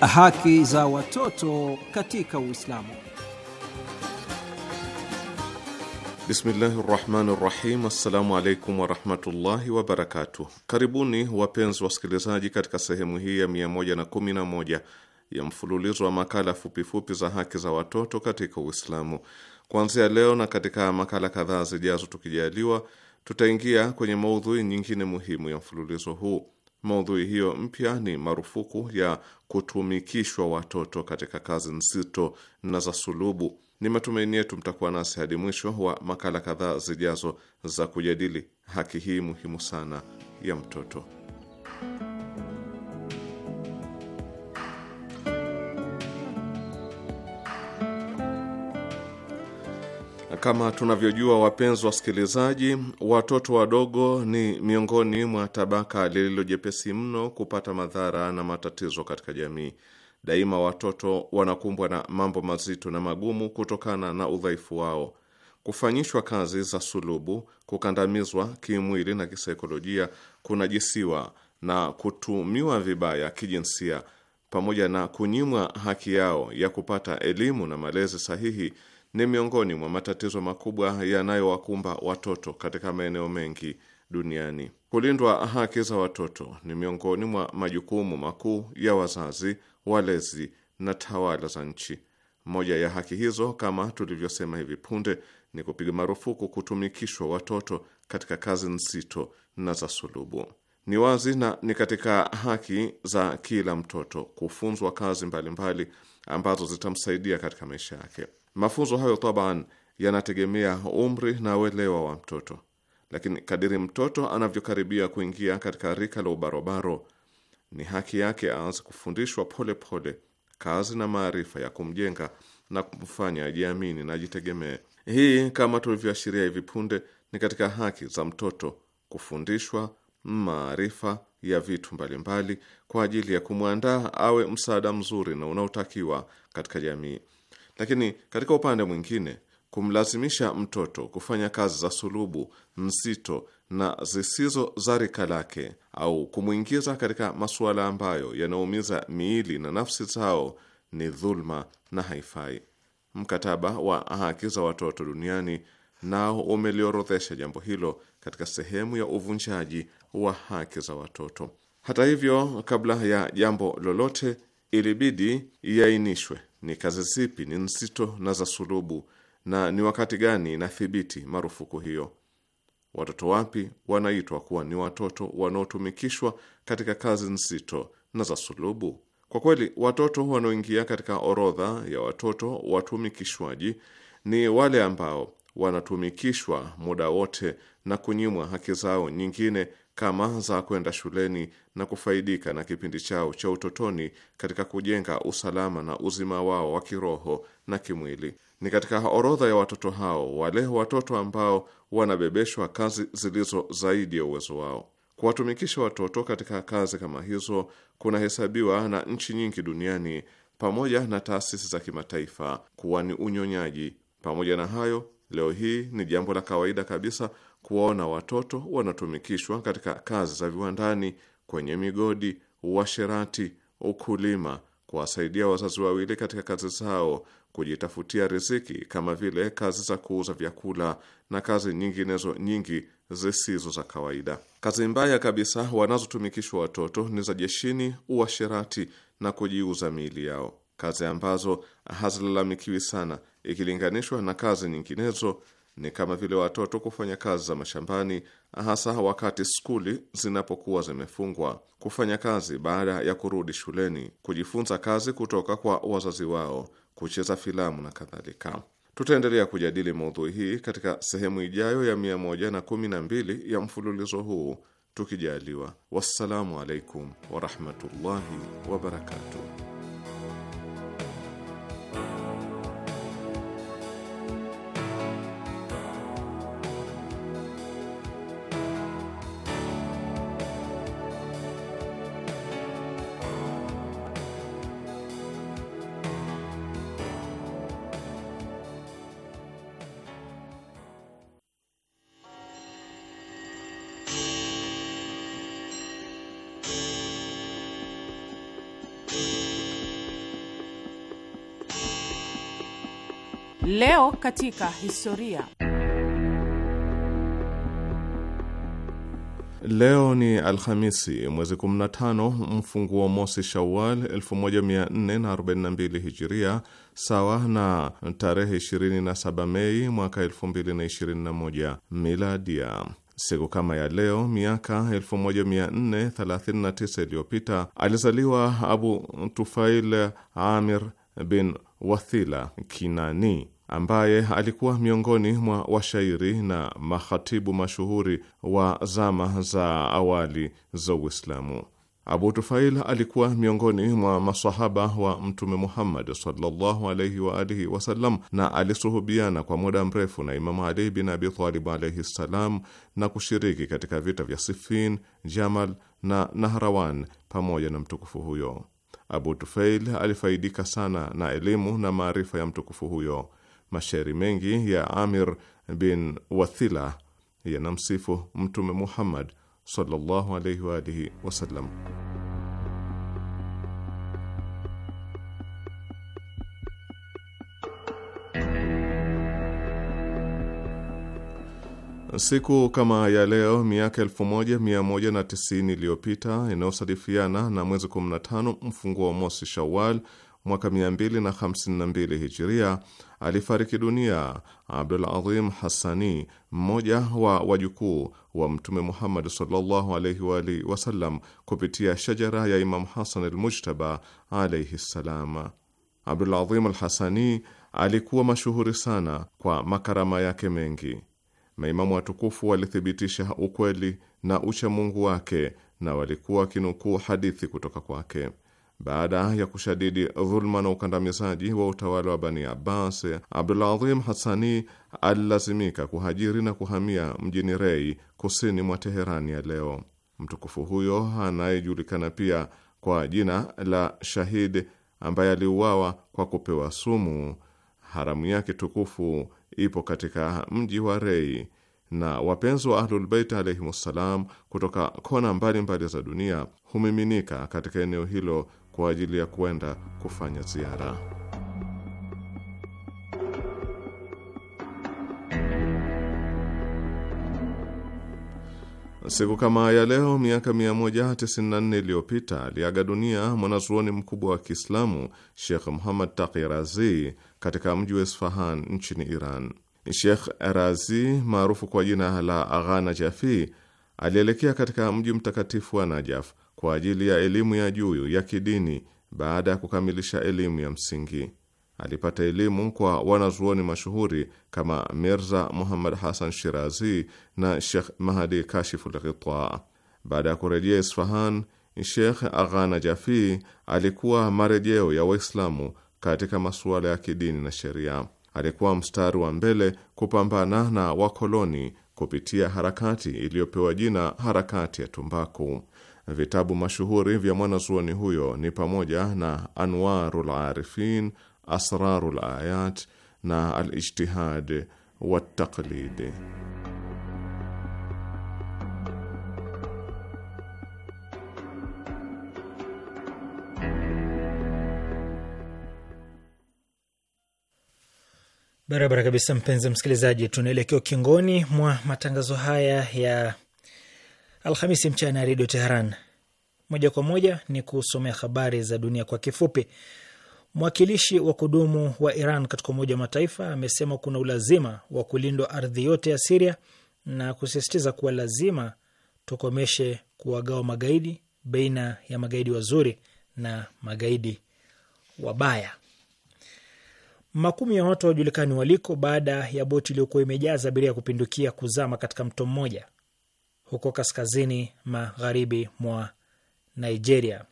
Haki za watoto katika Uislamu. Bismillahi rahmani rahim. Assalamu alaikum warahmatullahi wabarakatuh. Karibuni wapenzi wasikilizaji, katika sehemu hii ya 111 ya mfululizo wa makala fupifupi za haki za watoto katika Uislamu. Kuanzia leo na katika makala kadhaa zijazo, tukijaliwa, tutaingia kwenye maudhui nyingine muhimu ya mfululizo huu. Maudhui hiyo mpya ni marufuku ya kutumikishwa watoto katika kazi nzito na za sulubu. Ni matumaini yetu mtakuwa nasi hadi mwisho wa makala kadhaa zijazo za kujadili haki hii muhimu sana ya mtoto. Kama tunavyojua, wapenzi wasikilizaji, watoto wadogo ni miongoni mwa tabaka lililojepesi mno kupata madhara na matatizo katika jamii. Daima watoto wanakumbwa na mambo mazito na magumu kutokana na udhaifu wao. Kufanyishwa kazi za sulubu, kukandamizwa kimwili na kisaikolojia, kunajisiwa na kutumiwa vibaya kijinsia, pamoja na kunyimwa haki yao ya kupata elimu na malezi sahihi ni miongoni mwa matatizo makubwa yanayowakumba watoto katika maeneo mengi duniani. Kulindwa haki za watoto ni miongoni mwa majukumu makuu ya wazazi, walezi na tawala za nchi. Moja ya haki hizo, kama tulivyosema hivi punde, ni kupiga marufuku kutumikishwa watoto katika kazi nzito na za sulubu. Ni wazi na ni katika haki za kila mtoto kufunzwa kazi mbalimbali mbali ambazo zitamsaidia katika maisha yake. Mafunzo hayo taban yanategemea umri na uelewa wa mtoto, lakini kadiri mtoto anavyokaribia kuingia katika rika la ubarobaro, ni haki yake aanze kufundishwa polepole pole, kazi na maarifa ya kumjenga na kumfanya ajiamini na ajitegemee. Hii kama tulivyoashiria hivi punde, ni katika haki za mtoto kufundishwa maarifa ya vitu mbalimbali mbali, kwa ajili ya kumwandaa awe msaada mzuri na unaotakiwa katika jamii. Lakini katika upande mwingine, kumlazimisha mtoto kufanya kazi za sulubu, nzito na zisizo za rika lake au kumwingiza katika masuala ambayo yanaumiza miili na nafsi zao ni dhulma na haifai. Mkataba wa haki za watoto duniani nao umeliorodhesha jambo hilo katika sehemu ya uvunjaji wa haki za watoto. Hata hivyo, kabla ya jambo lolote, ilibidi iainishwe ni kazi zipi ni nzito na za sulubu, na ni wakati gani inathibiti marufuku hiyo? Watoto wapi wanaitwa kuwa ni watoto wanaotumikishwa katika kazi nzito na za sulubu? Kwa kweli watoto wanaoingia katika orodha ya watoto watumikishwaji ni wale ambao wanatumikishwa muda wote na kunyimwa haki zao nyingine kama za kwenda shuleni na kufaidika na kipindi chao cha utotoni katika kujenga usalama na uzima wao wa kiroho na kimwili. Ni katika orodha ya watoto hao wale watoto ambao wanabebeshwa kazi zilizo zaidi ya uwezo wao. Kuwatumikisha watoto katika kazi kama hizo kunahesabiwa na nchi nyingi duniani pamoja na taasisi za kimataifa kuwa ni unyonyaji. Pamoja na hayo, leo hii ni jambo la kawaida kabisa kuwaona watoto wanatumikishwa katika kazi za viwandani, kwenye migodi, uasherati, ukulima, kuwasaidia wazazi wawili katika kazi zao, kujitafutia riziki kama vile kazi za kuuza vyakula na kazi nyinginezo nyingi zisizo za kawaida. Kazi mbaya kabisa wanazotumikishwa watoto ni za jeshini, uasherati na kujiuza miili yao, kazi ambazo hazilalamikiwi sana ikilinganishwa na kazi nyinginezo ni kama vile watoto kufanya kazi za mashambani, hasa wakati skuli zinapokuwa zimefungwa, kufanya kazi baada ya kurudi shuleni, kujifunza kazi kutoka kwa wazazi wao, kucheza filamu na kadhalika. Tutaendelea kujadili maudhui hii katika sehemu ijayo ya 112 ya mfululizo huu tukijaliwa. Wassalamu alaikum warahmatullahi wabarakatuh. Leo katika historia. Leo ni Alhamisi, mwezi 15 mfunguo mosi Shawal 1442 Hijiria, sawa na tarehe 27 Mei mwaka 2021 Miladia. Siku kama ya leo miaka 1439 iliyopita alizaliwa Abu Tufail Amir bin Wathila Kinani, ambaye alikuwa miongoni mwa washairi na mahatibu mashuhuri wa zama za awali za Uislamu. Abu Tufail alikuwa miongoni mwa masahaba wa Mtume Muhammad sallallahu alaihi wa alihi wasallam, na alisuhubiana kwa muda mrefu na Imamu Ali bin Abi Talib alaihi ssalam, na kushiriki katika vita vya Sifin, Jamal na Nahrawan pamoja na mtukufu huyo. Abu Tufail alifaidika sana na elimu na maarifa ya mtukufu huyo Mashairi mengi ya Amir bin Wathila yanamsifu Mtume Muhammad sallallahu alaihi wa alihi wasallam. Siku kama ya leo miaka 1190 iliyopita inayosadifiana na mwezi 15 mfunguo wa mosi Shawal mwaka 252 hijiria alifariki dunia Abdul Adhim Hassani, mmoja wa wajukuu wa Mtume Muhammad sallallahu alaihi wa alihi wasallam, kupitia shajara ya Imam Hasan Almujtaba alaihi ssalam. Abdul Adhim Alhasani alikuwa mashuhuri sana kwa makarama yake mengi. Maimamu watukufu walithibitisha ukweli na uchamungu wake na walikuwa wakinukuu hadithi kutoka kwake. Baada ya kushadidi dhuluma na ukandamizaji wa utawala wa Bani Abbas, Abdulazim hasani alilazimika kuhajiri na kuhamia mjini Rei, kusini mwa Teherani ya leo. Mtukufu huyo anayejulikana pia kwa jina la Shahid, ambaye aliuawa kwa kupewa sumu, haramu yake tukufu ipo katika mji wa Rei, na wapenzi wa Ahlulbeit alaihimussalam kutoka kona mbalimbali mbali za dunia humiminika katika eneo hilo kwa ajili ya kuenda kufanya ziara. Siku kama ya leo miaka 194 iliyopita aliaga dunia mwanazuoni mkubwa wa Kiislamu Sheikh Muhammad Taqi Razi katika mji wa Isfahan nchini Iran. Sheikh Razi maarufu kwa jina la Aghana Jafi alielekea katika mji mtakatifu wa Najaf kwa ajili ya elimu ya juu ya kidini baada ya kukamilisha elimu ya msingi. Alipata elimu kwa wanazuoni mashuhuri kama Mirza Muhammad Hasan Shirazi na Shekh Mahadi Kashiful Ghita. Baada ya kurejea Isfahan, Shekh Aghana Jafii alikuwa marejeo ya Waislamu katika masuala ya kidini na sheria. Alikuwa mstari wa mbele kupambana na wakoloni kupitia harakati iliyopewa jina harakati ya tumbaku. Vitabu mashuhuri vya mwanazuoni huyo ni pamoja na Anwarul Arifin, Asrarul Ayat na alijtihad Wataqlidi. Barabara kabisa, mpenzi msikilizaji, tunaelekea ukingoni mwa matangazo haya ya Alhamisi mchana ya Redio Teheran. Moja kwa moja ni kusomea habari za dunia kwa kifupi. Mwakilishi wa kudumu wa Iran katika Umoja wa Mataifa amesema kuna ulazima wa kulindwa ardhi yote ya Siria na kusisitiza kuwa lazima tukomeshe kuwagawa magaidi baina ya magaidi wazuri na magaidi wabaya. Makumi ya watu hawajulikani waliko baada ya boti iliyokuwa imejaza abiria kupindukia kuzama katika mto mmoja huko kaskazini magharibi mwa Nigeria.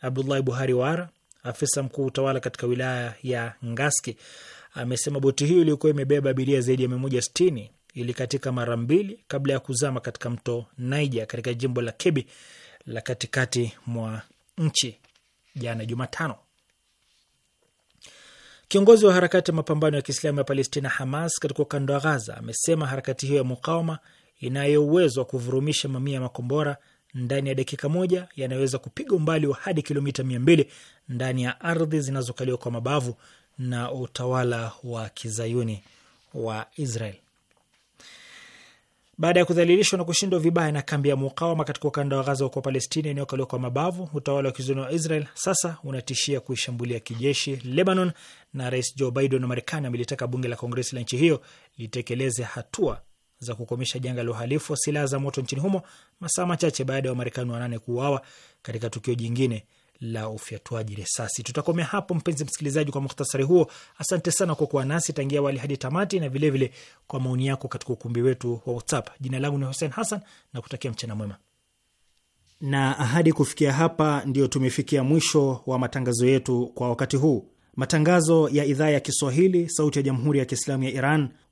Abdullahi Buhari Wara, afisa mkuu utawala katika wilaya ya Ngaski, amesema boti hiyo iliyokuwa imebeba abiria zaidi ya mia moja sitini ilikatika mara mbili kabla ya kuzama katika mto Niger katika jimbo la Kebbi la katikati mwa nchi jana Jumatano. Kiongozi wa harakati ya mapambano ya Kiislamu ya Palestina, Hamas, katika ukanda wa Ghaza amesema harakati hiyo ya mukawama inayo uwezo wa kuvurumisha mamia ya makombora ndani ya dakika moja yanayoweza kupiga umbali wa hadi kilomita mia mbili ndani ya ardhi zinazokaliwa kwa mabavu na utawala wa kizayuni wa Israel. Baada ya kudhalilishwa na kushindwa vibaya na kambi ya mukawama katika ukanda wa Gaza huko Palestina inayokaliwa kwa mabavu, utawala wa kizayuni wa Israel sasa unatishia kuishambulia kijeshi Lebanon, na Rais Joe Biden wa Marekani amelitaka bunge la Kongresi la nchi hiyo litekeleze hatua za kukomesha janga la uhalifu wa silaha za moto nchini humo masaa machache baada ya Wamarekani wanane kuuawa katika tukio jingine la ufyatuaji risasi. Tutakomea hapo mpenzi msikilizaji, kwa muhtasari huo. Asante sana kwa kuwa nasi tangia wali hadi tamati, na vilevile vile kwa maoni yako katika ukumbi wetu wa WhatsApp. Jina langu ni Hussein Hassan na kutakia mchana mwema na ahadi. Kufikia hapa, ndiyo tumefikia mwisho wa matangazo yetu kwa wakati huu. Matangazo ya idhaa ya Kiswahili, Sauti ya Jamhuri ya Kiislamu ya Iran